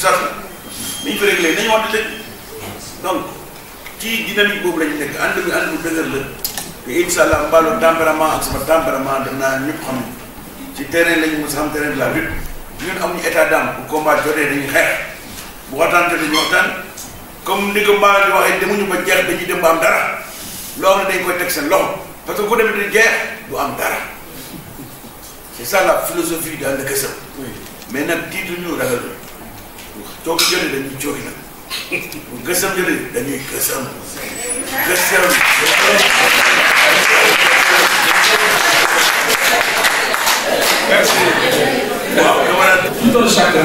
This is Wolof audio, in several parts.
sori ni ñu ko réglé nañu wax dëgg donc boobu la ñu nekk ànd bi ànd bu dëgër la te incha allah mbaalo tempérament ak sama tempérament dem naa ñëpp xam ci terrain lañu mos xam terrain de la lutte ñun amuñu état d'âme bu combat jotee dañuy xeex bu waxtaan dañuy waxtaan comme ni ko Mbaye di waxee demuñu ko jeex dañuy dem ba am dara loolu dañ ko teg seen loxo parce que ko demee du jeex du am dara. c'est ça la philosophie de Ande Kese mais nag tiituñu ragal tout un chacun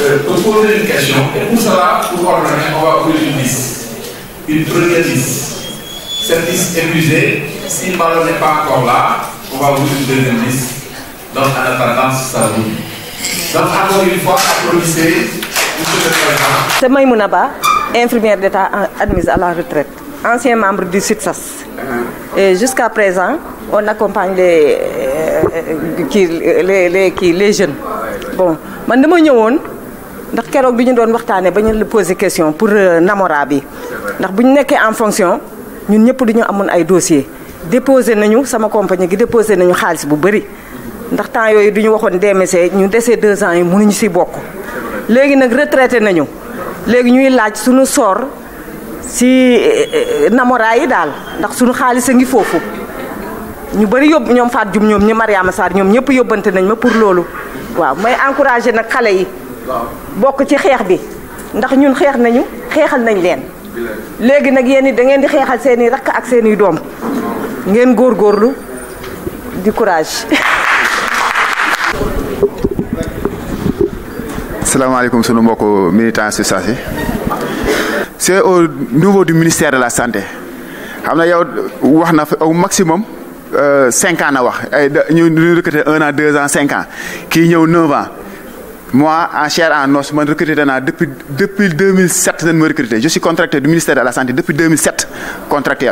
euh, peut une question et pour cela pour ordonner on va ouvrir une liste une première liste cette liste musée. si ballon n'est pas encore là on va ouvrir une deuxième liste donc en attendant ça donc une fois applaudissez c'est Maïmouna infirmière d'État admise à la retraite, ancien membre du SUTSAS. Uh-huh. Et jusqu'à présent, on accompagne les, euh, les, les, les jeunes. Bon, man dama ñëwoon ndax keroog bi ñu doon waxtaanee ba ñu la question pour euh, Namora bi ndax bu ñu en fonction nous avons dañu amoon ay dossiers déposé nañu sama compagnie gi déposé nañu xaalis bu bëri ndax temps yooyu du ñu waxoon ñu desee deux ans yi mënuñu si bokk léegi nak retraité nañu légui ñuy laaj suñu sor si eh, eh, namoraay yi Nous ndax suñu xaalis ngi fofu ñu bari yob ñom Fatou Nous sommes ñi Mariama Sarr ñom ñepp yobante nañ ma pour lolu waaw may encourager nak xalé yi bok ci bi ndax ñun nous nañu nañ leen légui nak bien. da ngeen di seeni ak courage Salam alaikum, salam beaucoup, militant associé. C'est au niveau du ministère de la Santé. Il y a au maximum 5 euh, ans. Nous recrutons 1 an, 2 ans, 5 ans. Qui est 9 ans. Moi, en chair, en os, je suis depuis, depuis 2007. Je me Je suis contracté du ministère de la Santé depuis 2007. Contracté.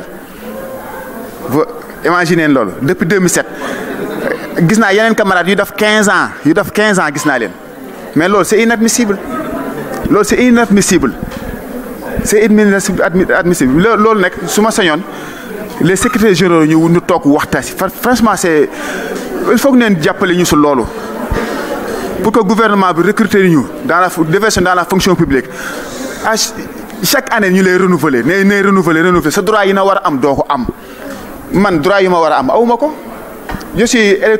Vous imaginez cela. Depuis 2007. Il y a un camarades qui ont 15 ans. Ils ont 15 ans mais c'est inadmissible. C'est inadmissible C'est c'est inadmissible C'est inadmissible admissible nek, suma su les secrétaires généraux ñu nous talk franchement c'est il faut que nous appelions ñu sur loolu pour que le gouvernement recrute recrute dans la dans la fonction publique chaque année nous les renouvelons. Ce ne renouveler renouveler droit yi na war a am doo ko am man droit yi ma war a am awuma quoi je suis, euh,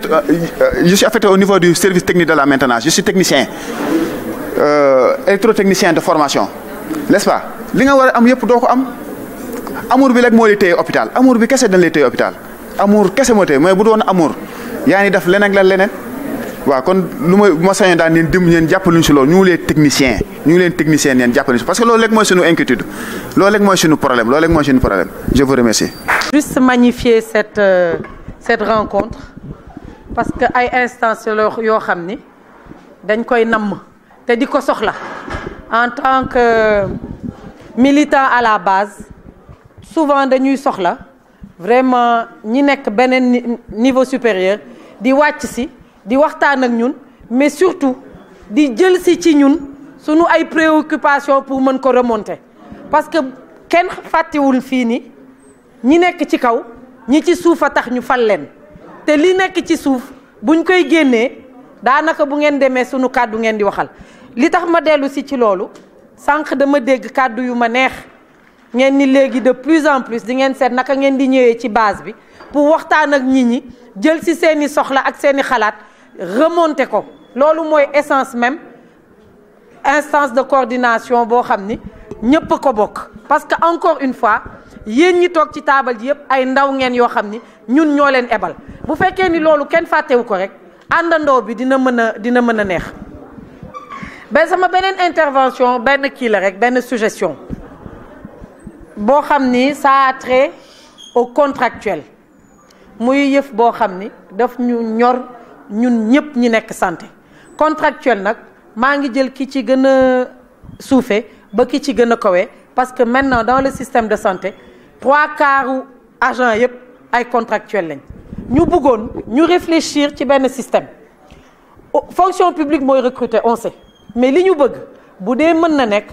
je affecté au niveau du service technique de la maintenance. Je suis technicien, euh, électrotechnicien de formation. N'est-ce pas li nga am amour bi l'été hôpital amour bi kese dañ lay l'été hôpital amour kese amour est ce def leneen la leneen kon lu may ma est ñu technicien ñu est technicien parce que nous inquiétude loolu rek problème problème je vous remercie. juste magnifier cette. Euh, cette rencontre parce que à instance instant yoo dañ koy en tant que militant à la base souvent dañuy soxla vraiment ñi niveau supérieur di des di waxtaan ak mais surtout di jël si ci ñun suñu préoccupation pour ko remonter parce que ken ñi ci ñi ci suuf tax ñu fal leen te li nekk ci souf buñ koy da naka bu ngeen démé suñu kaddu ngeen di waxal li tax ma dellu ci ci loolu sànq dama dégg kaddu yu ma neex ngeen ni légui de plus en plus di ngeen sét naka ngeen di ñëwé ci base bi pour waxtaan ak nit ñi jël ci seeni soxla ak seeni xalaat remonter ko lolu moy essence même instance de coordination bo xamni ni ñëpp ko bok parce que encore une fois yéen ñi tok ci table ji yëpp ay ndaw ngeen yo xamni ñun ñoo leen ebal bu fekkee ni loolu kenn wu ko rek andando bi dina mën a dina mën a neex ben sama beneen intervention benn kii la rek benn suggestion boo xam ni ça a trait au contractuel muy yëf boo xam ni daf ñu ñor ñun ñëpp ñi nekk santé contractuel nag maa ngi jël ki ci gën a suufe ba ki ci gën a kawe parce que maintenant dans le système de santé trois quarts u agent yëpp ay contractuel lañ ñu bëggoon ñu réfléchir ci ben système fonction publique moy recruter on sait mais li ñu bëgg bu dé mëna na nekk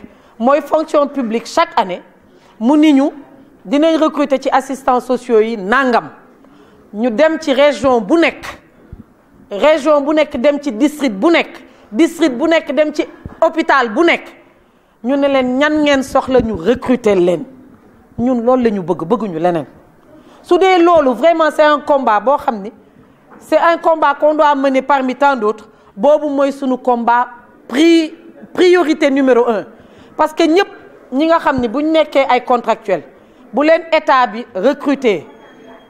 fonction publique chaque année mu niñu dinañ recruter ci assistants sociaux yi nangam ñu dem ci région bu nek région bu nek dem ci district bu nek district bu nek dem ci hôpital bu nek ñu ne leen ñan ngeen soxla ñu recruter leen ñun loolu la ñu bëgg bëgguñu leneen su dee loolu vraiment c'est un combat boo xam c'est un combat qu'on doit mener parmi tant d'autres boobu mooy sunu combat pri priorité numéro un parce que ñëpp ñi nga xam ni buñ nekkee ay contractuels bu leen état bi recruté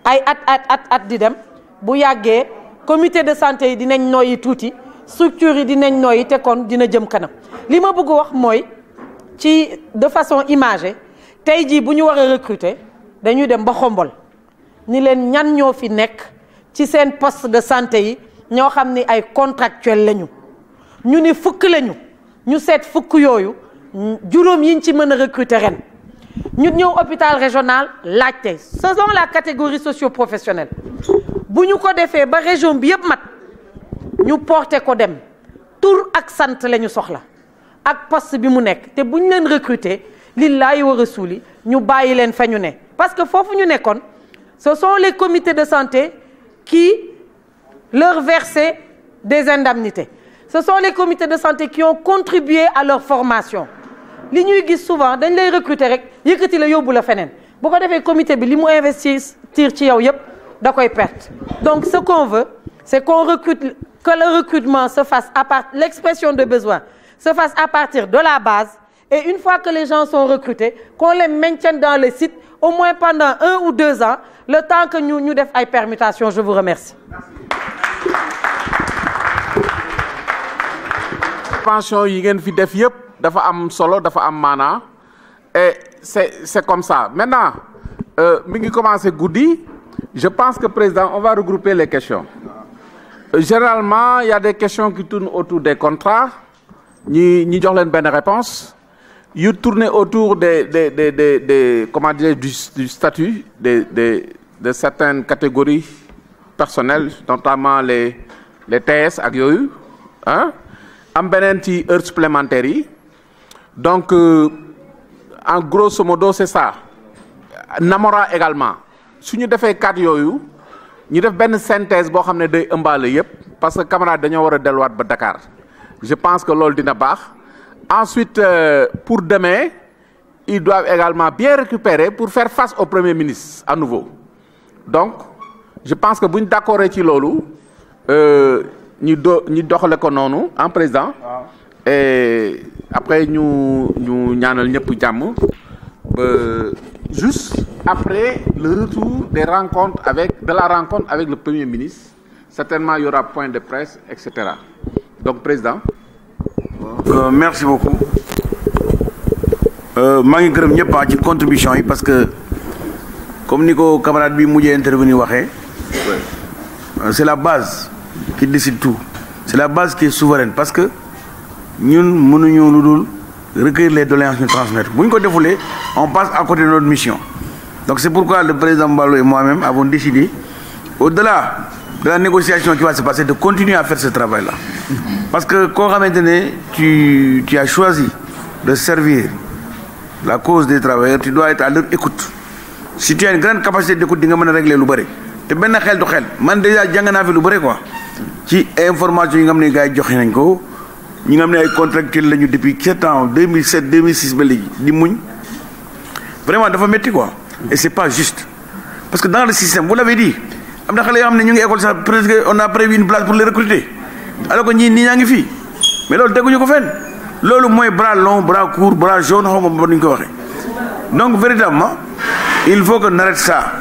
ay at at at at di dem bu yàggee comité de santé yi dinañ nooyi tuuti structures yi dinañ nooyi te kon dina jëm kanam li ma bëgg wax mooy ci de façon imagée tey jii bu ñu war a recruter dañuy dem ba xombol ni leen ñan ñoo fi nekk ci seen poste de santé yi ñoo xam ni ay contractuel lañu ñu ni fukk lañu ñu seet fukk yooyu juróom yiñ ci mën a recruter ren ñu ñëw hôpital régional laajte selon la catégorie socio-professionnelle bu ñu ko defee ba région bi yëpp mat ñu porter ko dem tour ak sant la ñu soxla ak poste bi mu nekk te bu ñu leen recruter lillahi wa rasuli ñu bàyyi leen fa ñu ne parce que fofu ñu nekkoon ce sont les comités de santé qui leur versaient des indemnités ce sont les comités de santé qui ont contribué à leur formation li ñuy gis souvent dañ lay recruter rek yëkëti la yobula fenen bu ko défé comité bi li mu investir ci yow yëpp da koy perte donc ce qu'on veut c'est qu'on recrute que le recrutement se fasse à part l'expression de besoin se fasse à partir de la base et une fois que les gens sont recrutés, qu'on les maintienne dans le site au moins pendant un ou deux ans, le temps que nous, nous fassions des permutation. Je vous remercie. Pension yi ngeen fi def yépp dafa am solo dafa am Mana. et c'est comme ça maintenant euh, je pense que président on va regrouper les questions généralement il y a des questions qui tournent autour des contrats ñi ñi une bonne réponse il tourné autour des des des des, des comment dire du, statut des des de certaines catégories personnelles notamment les les TS à yooyu ah am beneen ci heure supplémentaire donc euh, en grosso modo c'est ça Namora également Si nous faisons quatre yooyu ñu def une synthèse pour nous ne un yépp parce que camarade nous war a delluwaat ba Dakar je pense que c'est dina baax Ensuite, euh, pour demain, ils doivent également bien récupérer pour faire face au Premier ministre à nouveau. Donc, je pense que si nous sommes d'accord avec Lolo, nous devons le faire en président. Et après, nous nous avons euh, Juste après le retour des rencontres avec, de la rencontre avec le Premier ministre, certainement il y aura point de presse, etc. Donc, président. Euh, merci beaucoup euh, ah, contribution parce que comme le camarade bi a intervenu c'est la base qui décide tout c'est la base qui est souveraine parce que nous, recueillir les doléances nous, transmettre on passe à côté de notre mission donc c'est pourquoi le président Mbalo et moi-même avons décidé au-delà de la négociation qui va se passer, de continuer à faire ce travail-là. Parce que quand maintenant tu, tu as choisi de servir la cause des travailleurs, tu dois être à leur écoute. Si tu as une grande capacité d'écoute, tu peux régler le barré. Tu es bien le Man déjà, j'ai fait à barré quoi. Ci information yi nga xam ne gars yi joxe nañ ko ñi nga xam ne contractuels lañu depuis sept ans 2007 2006 ba léegi di muñ vraiment dafa quoi. et c'est pas juste parce que dans le système vous l'avez dit on a prévu une place pour les recruter alors que ñi ñi pas fi mais loolu teguñu ko fenn lolu moy bras long bras court bras jaune xom bo donc véritablement il faut que qu'on arrête ça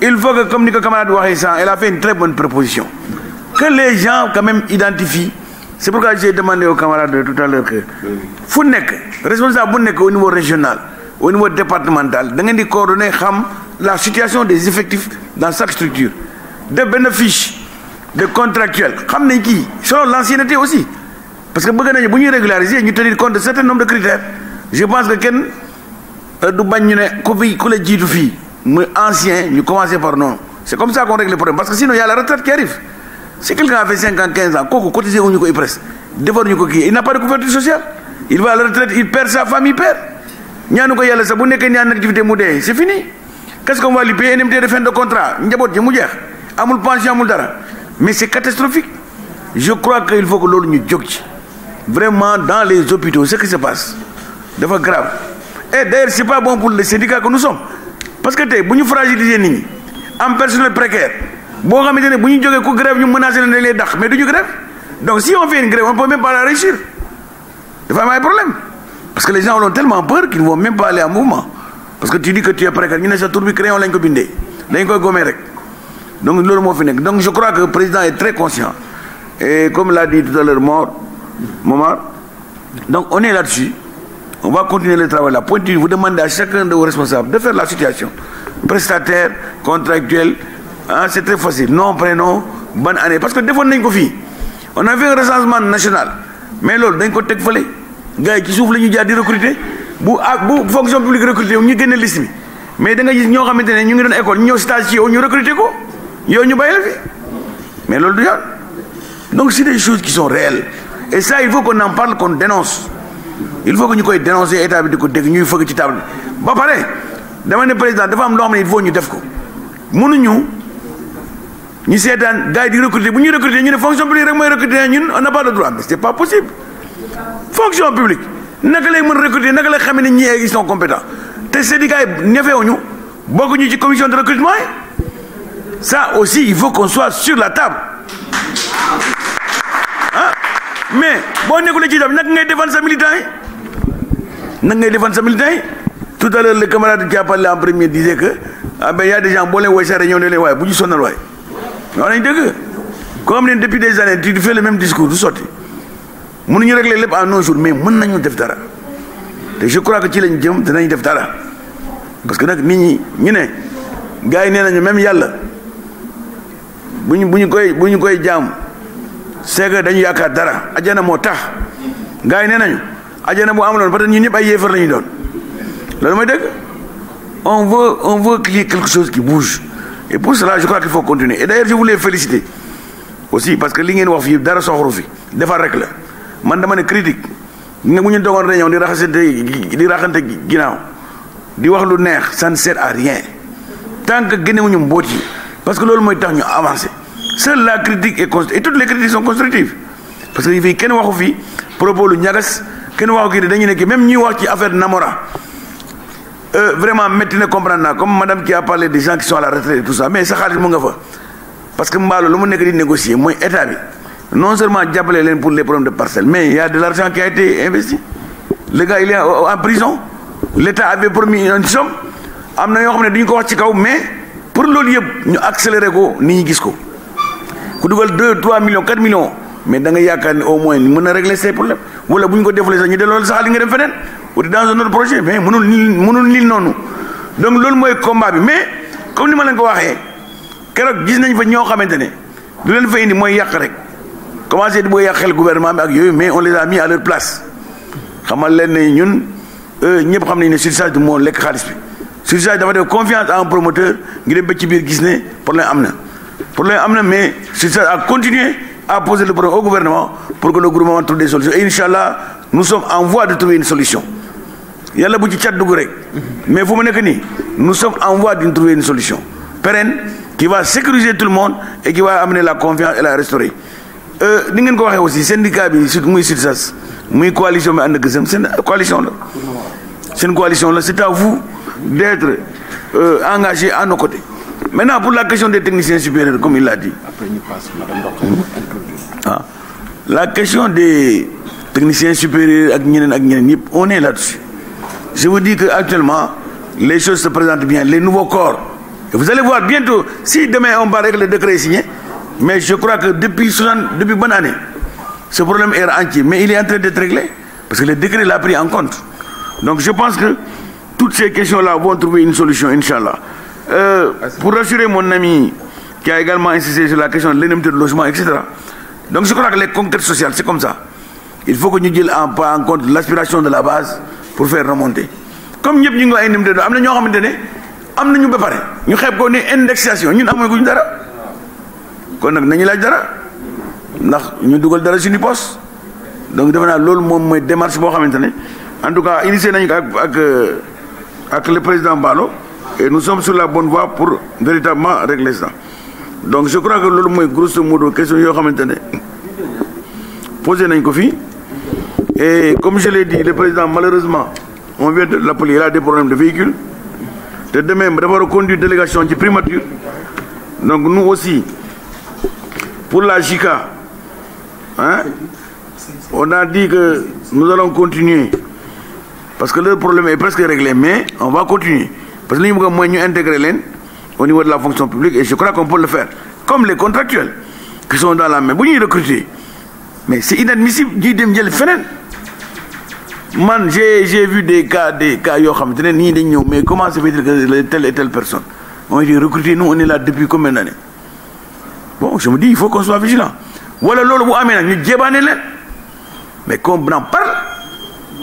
il faut que comme ni camarade waxee ça elle a fait une très bonne proposition que les gens quand même identifient c'est pourquoi j'ai demandé au camarade tout à l'heure que fu nek responsable bu au niveau régional au niveau départemental da ngeen di coordonner xam la situation des effectifs dans chaque structure, des bénéfices, des contractuels, selon l'ancienneté aussi. Parce que si nous régulariser, nous tenir compte de certains nombre de critères. Je pense que quelqu'un euh, nous ancien, nous commençons par non. C'est comme ça qu'on règle le problème. Parce que sinon, il y a la retraite qui arrive. Si quelqu'un a fait 5 ans, 15 ans, il n'a pas de couverture sociale. Il va à la retraite, il perd sa famille, il perd. C'est fini. Qu'est-ce qu'on va lui payer de fin de contrat amul pension amul dara mais c'est catastrophique je crois qu'il faut que l'on nous joue vraiment dans les hôpitaux ce qui se passe C'est grave et d'ailleurs c'est pas bon pour les syndicats que nous sommes parce que si nous ñu fragiliser nit personnel précaire si on nous bu ñu jógee grève nous menacé nous dañ mais du grève donc si on fait une grève on peut même pas la réussir Il a vraiment un problème parce que les gens ont tellement peur qu'ils ne vont même pas aller en mouvement parce que tu dis que tu es précaire ñu sa crayon ko donc donc je crois que le président est très conscient et comme l'a dit tout à l'heure mort donc on est là-dessus on va continuer le travail là point vous demandez à chacun de vos responsables de faire la situation prestataire contractuel hein, c'est très facile Non, prénom bonne année parce que devant fois, on a un recensement national mais là, dañ ko teg gars qui souffle suuf jaar di recruter bu bu fonction publique recruter wu ñu liste bi mais da nga gis ño xamantene ñu ngi doon école ñu ñëw stage ci yow ñu recruter ko yow ñu bayal fi mais loolu du yoon donc c'est des choses qui sont réelles et ça il faut qu'on en parle qu'on dénonce il faut que ñu koy dénoncer état bi di ko dégg ñuy fëgg ci table bi ba paré dama né président dafa am lo xam il faut ñu def ko mënu ñu seetaan gars yi di recruter bu ñu recruter ñu né fonction publique rek moy recruter ñun on n'a pas le droit mais c'est pas possible fonction publique naka lay mën recruter naka lay xamee ne ñii ils sont compétents te syndicats yi ñefeewuñu bokkuñu ci commission de recrutement ça aussi il faut qu'on soit sur la table hein? mais bon, nekkulee ci tam naka ngay défendre sa militant yi naka ngay défendre sa militant tout à l'heure le camarade qui a parlé en premier disait que ah ben y a des gens qui ont woowee sa réunion de leen Vous bu ñu sonal waaye. wax comme depuis des années tu fais le même discours tu sortez ñu régler lépp en nos jours mais mën nañu def dara te je crois que ci lañ jëm dinañ def dara parce que nag nit ñi ñu ne gars yi nee nañu même yàlla bu ñu bu ñu koy bu ñu koy jaam c'est que dañu yaakaar dara ajana moo tax gars yi nee nañu ajana bu amuloon peut-être ñun ñëpp ay yéefar la ñuy doon loolu mooy dëgg on veut on veut qu'il y ait quelque chose qui bouge et pour cela je crois qu'il faut continuer et d'ailleurs je voulais féliciter aussi parce que li ngeen wax fi dara soxru fi defar rek la man dama ne critique ne pas dogoon réunion di raxasante di raxante ginaaw di wax lu neex ça ne sert à rien tant que génnewuñu yi parce que nous moy tax ñu avancer seule la critique est constructive et toutes les critiques sont constructives parce que fii kenn waxu fi propos lu ñagas kenn waxu dañu ne même ñi wax ci affaire Namora euh, vraiment maintenant comprendre comme madame qui a parlé des gens qui sont à la retraite et tout ça mais ça ne nga fa parce que Mballo lu mu di négocier moy état bi non seulement jàppale leen pour les problèmes de parcelles mais il y a de l'argent qui a été investi le gars il est en prison l'État avait promis une somme Il na yoo xam ne duñu ko wax ci kaw mais pour loolu yëpp ñu accéléré ko nit ñi gis ko ku dugal deux trois millions 4 millions mais da nga yaakaar ne au moins mën na régler ces problèmes wala bu ñu ko defalee sax ñu delloo sax li nga dem feneen ou dans un autre projet mais mënul mënul lii noonu donc loolu le combat bi mais comme ni ma leen ko waxee keroog gis nañ fa ñoo xamante ne du leen fa indi mooy yàq rek commencé de bëgg yàqel gouvernement gouvernement, mais on les a mis à leur place xamal leen ne ñun euh ñepp xamni ne surcharge monde, moo xaliss bi surcharge dafa def confiance en un promoteur qui dem ba ci bir gis ne problème pour l'amener. problème amna mais surcharge a continué à poser le problème au gouvernement pour que le gouvernement trouve des solutions et inshallah nous sommes en voie de trouver une solution yalla bu ci cat dugg rek mais vous me nekk que nous sommes en voie de trouver une solution pérenne qui va sécuriser tout le monde et qui va amener la confiance et la restaurer euh, ni une syndicat coalition coalition coalition c'est à vous d'être euh, engagé à nos côtés maintenant pour la question des techniciens supérieurs comme il l'a dit. Ah. la question des techniciens supérieurs on est là-dessus je vous dis que actuellement les choses se présentent bien les nouveaux corps vous allez voir bientôt si demain on va régler le décret signé. Mais je crois que depuis, depuis bonne année, ce problème est entier. Mais il est en train d'être réglé. Parce que le décret l'a pris en compte. Donc je pense que toutes ces questions-là vont trouver une solution, Inch'Allah. Euh, pour rassurer mon ami qui a également insisté sur la question de l'énormité de logement, etc. Donc je crois que les conquêtes sociales, c'est comme ça. Il faut que nous disions en, en compte l'aspiration de la base pour faire remonter. Comme nous avons une indexation, nous avons une indexation kon poste donc démarche en tout cas initié euh, le président Balo. et nous sommes sur la bonne voie pour véritablement régler ça donc je crois que l'homme grosso modo question yo nous et comme je l'ai dit le président malheureusement on vient de l'appeler il a des problèmes de véhicule demain nous avons délégation du primature donc nous aussi pour la JICA, hein? on a dit que nous allons continuer. Parce que le problème est presque réglé, mais on va continuer. Parce que nous avons intégrer l'EN au niveau de la fonction publique et je crois qu'on peut le faire. Comme les contractuels qui sont dans la main. Vous recruter. Mais c'est inadmissible. Man, j'ai vu des cas, des cas, mais comment ça veut dire que telle et telle personne on dit recruter, Nous, on est là depuis combien d'années Bon, je me dis, il faut qu'on soit vigilant. Voilà l'autre vous amène, nous débanez-les. Mais qu'on en parle,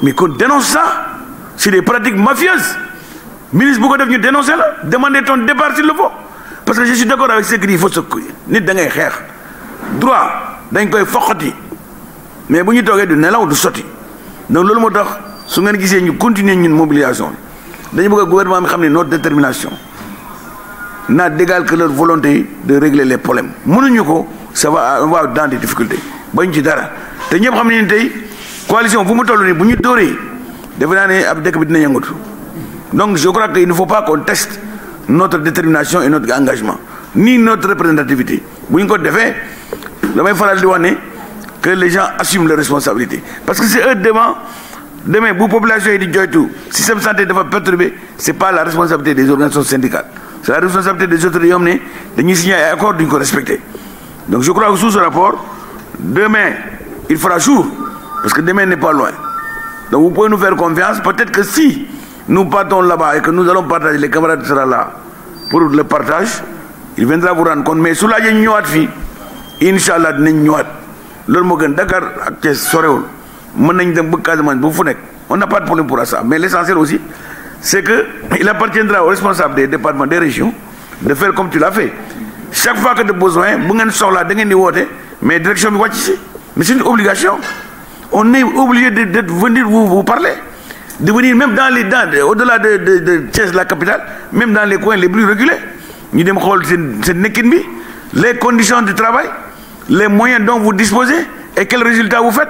mais qu'on dénonce ça, c'est des pratiques mafieuses. Ministre pourquoi nous dénoncer là, demandez ton départ s'il le faut. Parce que je suis d'accord avec ce qu'il il faut se couiller. Nous devons faire. Droit, d'un devons faire. Mais si nous de faire, ou de sortir. Donc, c'est ce que nous continuons une mobilisation. Nous devons gouvernement, le gouvernement une autre détermination n'a d'égal que leur volonté de régler les problèmes mënuñu ko ça va dans des difficultés bañ ci dara te ñëpp ne coalition vous mu le nii bu ñu dóoree defe naa ne ab donc je crois qu'il ne faut pas qu'on teste notre détermination et notre engagement ni notre représentativité Vous ñu ko defee damay faral di que les gens assument leurs responsabilités parce que c'est eux devant demain vous population si di joytu système santé pas perturbé ce n'est pas la responsabilité des organisations syndicales C'est la responsabilité des autres hommes de signer un accord d'une respecté donc je crois que sous ce rapport demain il fera jour parce que demain n'est pas loin donc vous pouvez nous faire confiance peut-être que si nous partons là-bas et que nous allons partager les camarades seront là pour le partage il viendra vous rendre compte mais sous la ligne Inch'Allah, nous incha allah dinañ gën Dakar ak on n'a pas de problème pour ça mais l'essentiel aussi c'est que il appartiendra aux responsables des départements des régions de faire comme tu l'as fait chaque fois que de besoin bu ngeen da ngeen mais direction bi mais c'est une obligation on est obligé de venir vous vous parler de venir même dans les dents, au-delà de de de la capitale même dans les coins les plus reculés les conditions de travail les moyens dont vous disposez et quels résultats vous faites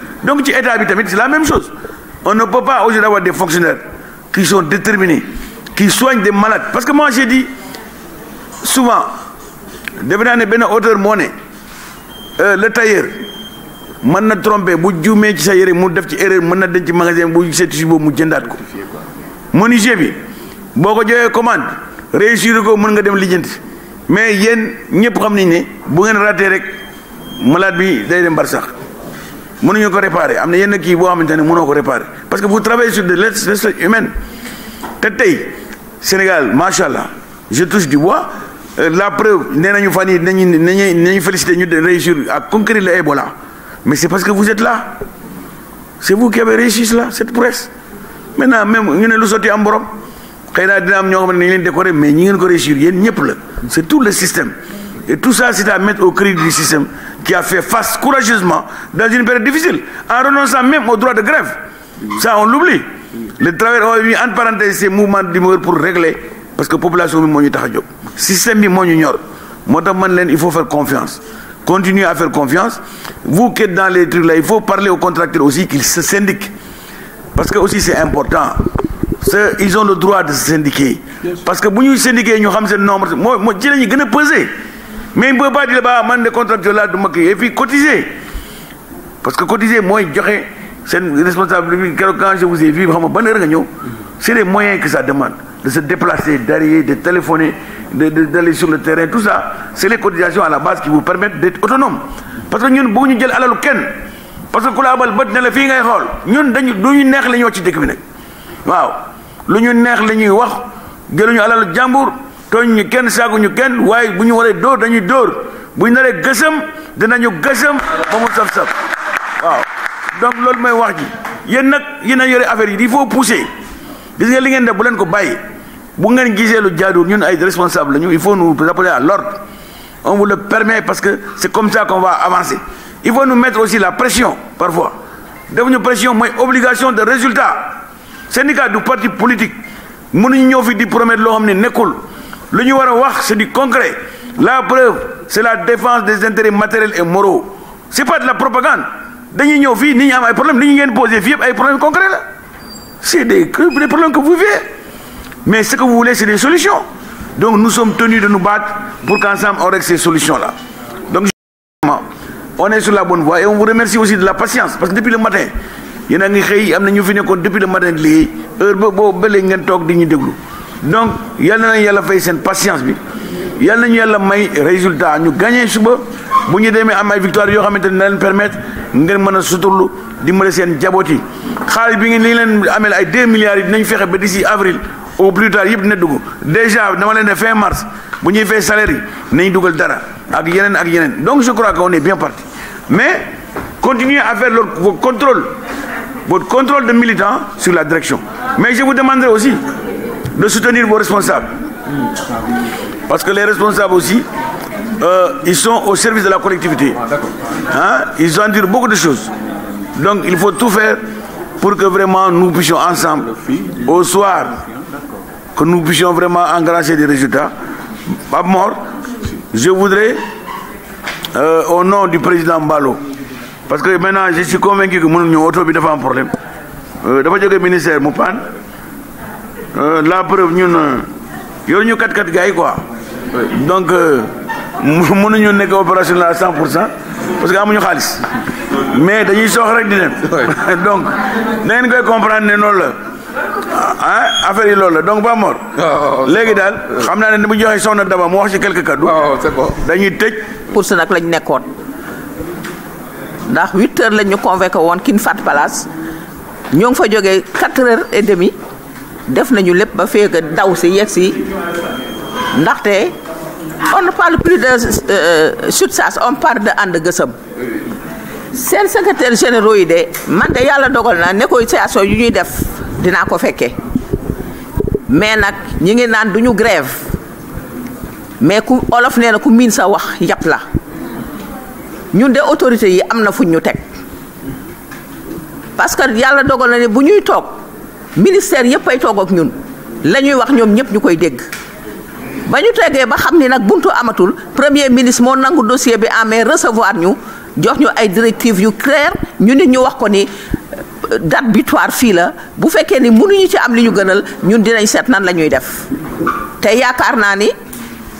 donc c'est la même chose on ne peut pas aujourd'hui avoir des fonctionnaires qui sont déterminés qui soignent des malades parce que moi j'ai dit souvent je ne auteur ne euh, le tailleur trompé, bu ci sa def ci magasin bu pas. mu ko commande réussir ko mën nga dem mais y xam ne bu raté malade mënuñu ko réparer am na yenn kii boo xamante ne mënoo ko réparer parce que vous travaillez sur de lettres humaine te tey Sénégal macha je touche du bois euh, la preuve nee nañu fan nous nañu nañu nañu félicité ñu de réussir à conquérir le Ebola mais c'est parce que vous êtes là c'est vous qui avez réussi cela cette presse. maintenant même ñu ne lu sotti am borom xëy avons dina am ñoo xam ne décorer mais ñi ngeen ko réussir yéen ñëpp la c'est tout le système. Et tout ça, c'est à mettre au cri du système qui a fait face courageusement dans une période difficile, en renonçant même au droit de grève. Ça, on l'oublie. Les travailleurs ont mis en parenthèse ces mouvements pour régler, parce que la population est Le système est il faut faire confiance. Continuez à faire confiance. Vous qui êtes dans les trucs là, il faut parler aux contracteurs aussi qu'ils se syndiquent. Parce que aussi c'est important. Ils ont le droit de se syndiquer. Parce que si nous syndiquons, nous avons le nombre. Moi, je vais peser mais il ne peut pas dire bah pas de contractuel de du ma et puis cotiser parce que cotiser moi joxe seen responsable une quand je vous ai vu vraiment bonne c'est les moyens que ça demande de se déplacer d'aller, de téléphoner de d'aller sur le terrain tout ça C'est les cotisations à la base qui vous permettent d'être autonome parce que nous, ñun bëgguñu jël la kenn parce que nous des abal Nous, sommes la fii ngay qui ñun dañu lu Nous, neex la ñoo ci dëkk bi nag waaw Nous, ñu neex la gens qui jëluñu alalu jambour tooñ ñu kenn saaguñu kenn way buñu ñu waree dañuy door buñu ñu naree dinañu gësëm ba mu saf-saf waaw donc loolu mooy wax ji yeen nak yéen a affaire yi il faut pousser gis nga li ngeen def bu len ko bàyyi bu ngeen gisee lu jaaduwul ñun ay responsable lañu il faut nous rappeler à l'ordre on vous le permet parce que c'est comme ça qu'on va avancer il faut nous mettre aussi la pression parfois def pression moy obligation de résultat syndicat du parti politique mënuñu ñoo fi di promettre lo xamné ne le c'est du concret la preuve c'est la défense des intérêts matériels et moraux Ce n'est pas de la propagande ni c'est des problèmes que vous vivez mais ce que vous voulez c'est des solutions donc nous sommes tenus de nous battre pour qu'ensemble on ait ces solutions là donc on est sur la bonne voie et on vous remercie aussi de la patience parce que depuis le matin il a en a qui ont depuis le matin heure donc yalla na yàlla fay sen patience bi yalla nañu yalla may résultat ñu gagné suba bu ñu demee am ay victoire yo xamante ne na leen permettre ngeen mëna a di dimbale sen jaboti. yi bi ngeen li leen amel ay 2 milliards yi dinañ ba d'ici avril au plus tard yëpp né dugg déjà dama leen né fin mars bu ñuy fay salaire nañ dara ak ak donc je crois qu'on est bien parti mais continuez à faire leur votre contrôle votre contrôle de militants sur la direction mais je vous demanderai aussi de soutenir vos responsables. Parce que les responsables aussi, euh, ils sont au service de la collectivité. Ah, hein? Ils ont dire beaucoup de choses. Donc il faut tout faire pour que vraiment nous puissions ensemble, au soir, que nous puissions vraiment engranger des résultats. Pas mort, je voudrais, euh, au nom du président Balo, parce que maintenant je suis convaincu que nous avons un problème. Euh, D'abord, le ministère Moupan. Euh, la preuve nous sommes 4-4 gars quoi donc une euh, nekk à 100% parce que amuñu xaalis mais dañuy rek donc na Nous comprendre ne noonu ah, ah, affaire yi donc ba mort, ah, léegi daal je naa bu daba quelques cadeaux. c'est bon dañuy nous lañ nous 8 heures nous Nous nous quatre heures et demie def nañu lépp ba feega daw si yegg si ndaxte on ne parle plus de euh, Soutsass on parle de And Gueusseum seen secrétaire généraux yi de man de yàlla dogal na négociation yu ñuy def dinaa ko fekkee mais nag ñi ngi naan duñu grève mais ku olof nee na ku miin sa wax yàpp la ñun de autorité yi am na fuñ ñu teg parce que yàlla dogal na ne bu ñuy toog ministère yëpp ay toog ak ñun lañuy wax ñoom ñëpp ñu koy dégg ba ñu ba xam ni nag buntu amatul premier ministre moo nangu dossier bi amee recevoir ñu jox ñu ay directives yu clair ñu nit ñu wax ko ni euh, date butoir fii la bu fekkee ni mënuñu ci am li ñu gënal ñun dinañ seet nan la ñuy def te yaakaar naa ni.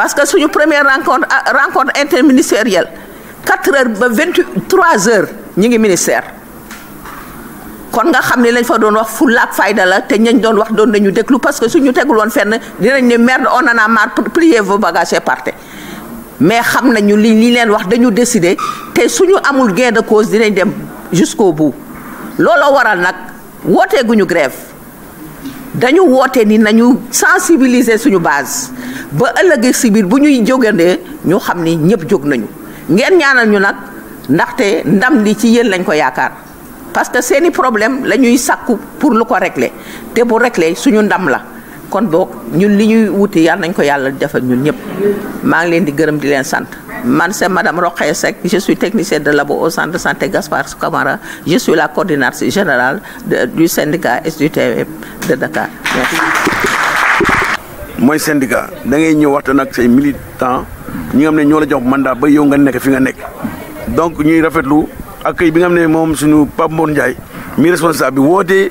parce que suñu première rencontre ah, rencontre interministérielle 4 heures ba 23 trois heures ñi ngi ministère kon nga xamni lañ fa doon wax fu laak fayda la te ñañ doon wax doon nañu déglu parce que suñu tegul won fenn dinañ ne merde on en a marre vos bagages et partir. mais xam nañu li li leen wax dañu décider te suñu amul gain de cause dinañ dem jusqu'au bout lolo waral woté guñu grève dañu woté ni nañu sensibiliser suñu base ba ëllëgee ci biir bu ñuy jógandee ñu xamni ni ñëpp jóg nañu ngeen ñaanal ñu nag ndaxte ndam li ci yéen lañ ko yaakaar parce que seeni problème lañuy sakku pour lu ko régler te bu régler suñu ndam la kon bok ñun li ñuy wuti yàlla nañ ko yalla defal ñun ñep ma ngi leen di gërëm di leen sant man c'est madame Rokhaya Seck je suis technicien de labo au centre de santé Gaspard Camara je suis la coordinatrice générale de, du syndicat SDTV de Dakar merci. mooy syndicat da ngay ñu waxtaan nak say militant ñi nga xam ne ñoo la jox mandat ba yow nga nek fi nga nek donc ñuy rafetlu accueil bi nga xam mom suñu Pape Mor mi responsable bi wootee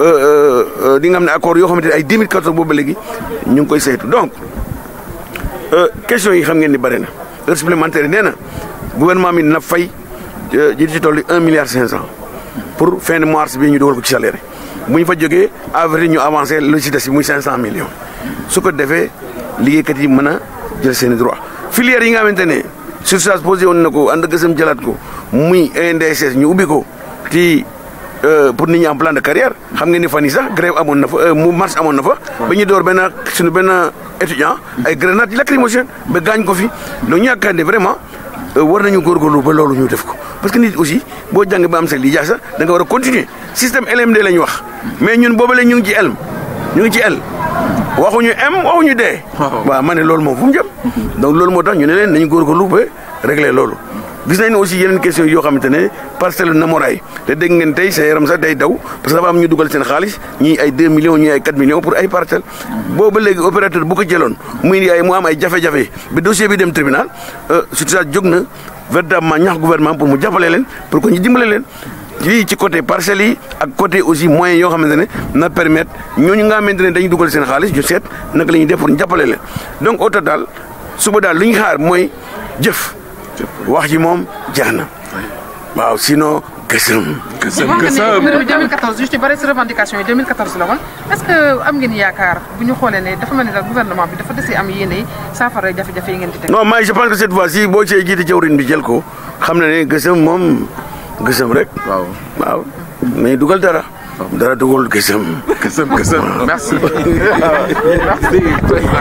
Euh, euh, euh, li nga xam ne accord yoo xamante ne ay 2014 boobu ba léegi ñu ngi koy saytu donc question yi xam ngeen ni bëri na heure supplémentaire yi nee na gouvernement mi na fay ji ci toll 1 milliard 500 pour fin de mars bi ñu dugal ko ci salaire bu ñu fa jógee avril ñu avancé lu ci des bi muy 500 millions su ko defee liggéeykat yi mën a jël seen i droit filière yi nga xamante ne surcharge posé woon na ko ànd ak gësëm jëlaat ko muy INDSS ñu ubbi ko ci euh, pour nous plan de carrière xam nga ni avons fait sax grève amoon na fa euh, mu marche fa. ba ñu door étudiant. ay grenade lacrymogènes ba gañ ko fi. donc ñu vraiment euh, war nañu fait ba ñu parce que nit aussi bo jang ba am li jax sax da nga continuer système LMD la wax mais ñun boobale ñu ngi ci elm ñu ngi ci el waxuñu M D. waaw mané lolu mo fu donc lolu mo tax ñu ne fait régler gis nañ aussi yeneen question yoo xamante ne parcelle namoraay te dégg ngeen tey sa yaram sax day daw parce que dafa am ñu dugal seen xaalis ñii ay 2 millions ñii ay 4 millions pour ay parcelle boobu ba léegi opérateur bu ko jëloon muy ay mu am ay jafe-jafe bi dossier bi dem tribunal euh, surtout ça jóg na véritablement ñax gouvernement pour mu jàppale leen pour que ñu dimbale leen lii ci côté parcelle yi ak côté aussi moyen yoo xamante ne na permettre ñooñu nga xamante ne dañuy dugal seen xaalis ñu seet naka la ñuy def pour ñu jàppale leen donc au total suba daal lu ñu xaar mooy jëf. wax ji moom jeex na waaw sinon gësëm. gësëm gësëm mais wax nga ne 2014 yu ci bëri si revendication yi 2014 la woon est-ce que am ngeen yaakaar bu ñu xoolee ne dafa mel ni daal gouvernement bi dafa dese am yéene yi saafara jafe-jafe yi ngeen di teg. non mais je pense que cette fois-ci boo cee jiite jawriñ bi jël ko xam na ne gësëm moom gësëm rek. waaw waaw mais dugal dara. dara dugal gësëm. gësëm gësëm merci. merci.